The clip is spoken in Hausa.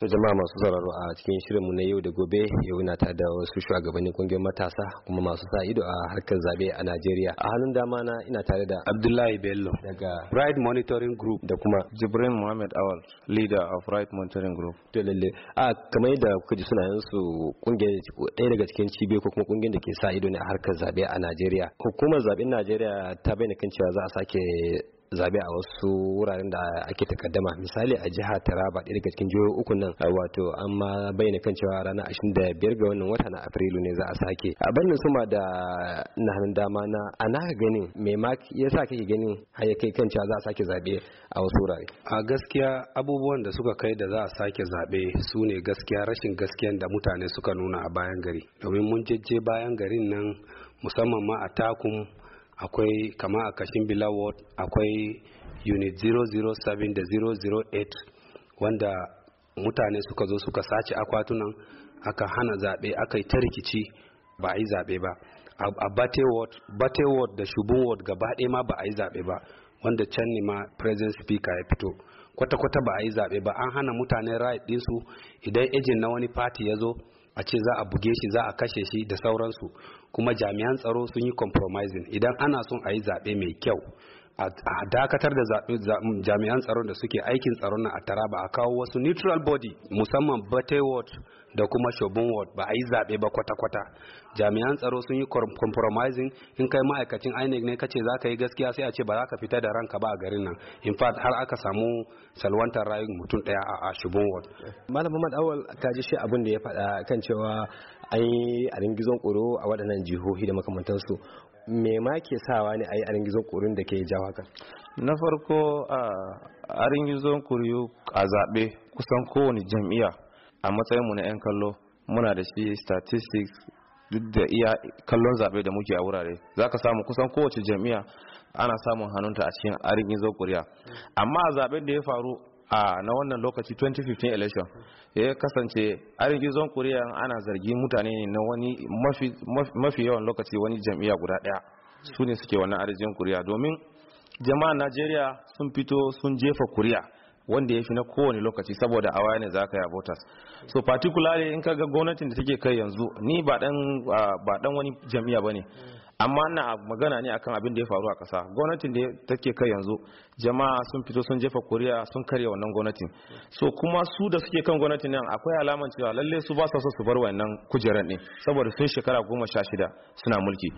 to jama'a masu sauraro a cikin shirinmu na yau da gobe yau na ta da wasu shugabannin kungiyar matasa kuma masu sa ido a harkar zabe a Najeriya a hannun dama na ina tare da Abdullahi Bello daga Right Monitoring Group da kuma Jibrin Muhammad Awal leader of Right Monitoring Group to lalle a kamar da kuka ji sunayen su kungiyar ɗaya daga cikin cibiyoyi ko kuma kungiyar da ke sa ido ne a harkar zabe a Najeriya hukumar zaben Najeriya ta bayyana kan cewa za a sake zabe a wasu wuraren da ake takaddama misali a jihar Taraba ɗaya daga cikin jihohi uku nan wato an bayyana kan cewa ranar 25 ga wannan wata Afrilu ne za a sake a bannin suma da na hannun dama na ana ganin me ma yasa kake ganin har ya kai kan cewa za a sake zabe a wasu wurare a gaskiya abubuwan da suka kai da za a sake zabe su ne gaskiya rashin gaskiyan da mutane suka nuna a bayan gari domin mun jejje bayan garin nan musamman ma a takun akwai kama a kashin bila ward akwai unit 007 da 008 wanda mutane suka zo suka sace akwatunan aka hana zaɓe aka yi ta rikici ba a yi zaɓe ba a bate ward da shubun ward gaba ɗaya ma ba a yi zaɓe ba wanda can ne ma president speaker ya fito kwata-kwata ba a yi zaɓe ba an hana mutane right ɗinsu idan ejin na wani party ya zo a ce za a buge shi za a kashe shi da sauransu kuma jami'an tsaro sun yi compromising idan ana son a yi zaɓe mai kyau a dakatar da mm, jami'an tsaron da suke aikin tsaron nan a taraba a kawo wasu neutral body musamman bate ward da kuma shobin ward ba a yi zaɓe ba kwata-kwata jami'an tsaro sun yi compromising in kai ma'aikacin inec ne kace za ka yi gaskiya sai a ce ba za ka fita da ranka ba a garin nan in fact har aka samu salwantar rayun mutum daya a shobin ward malam muhammad awal ka ji shi abin da ya faɗa kan cewa an yi a ringizon ƙoro a waɗannan jihohi da makamantansu me ma ke sawa ne a yi aringizon kuriyun da ke jawo hakan na farko a gizon kuriyu a zaɓe kusan kowane jam'iyya a matsayinmu na 'yan kallo muna da shi statistics duk da iya kallon zaɓe da muke a wurare za ka samu kusan kowace jam'iyya ana samun hannunta a cikin arin gizon kuriya amma a zaɓe da ya faru a na wannan lokaci 2015 election ya kasance arigizon kuriya ana zargi mutane ne na wani mafi yawan lokaci wani jam'iyya guda daya su ne suke wannan arigin kuri'a domin jama'a najeriya sun fito sun jefa kuri'a. wanda ya fi na kowane lokaci saboda awa ne za ka yi voters so particularly in ka ga gwamnatin da take kai yanzu ni ba dan wani jami'a ba ne amma na magana ne akan abin da ya faru a kasa gwamnatin da take kai yanzu jama'a sun fito sun jefa kuriya sun karya wannan gwamnatin so kuma su da suke kan gwamnatin nan akwai alaman cewa lalle su ba su so su bar wannan kujeran ne saboda sun shekara goma sha shida suna mulki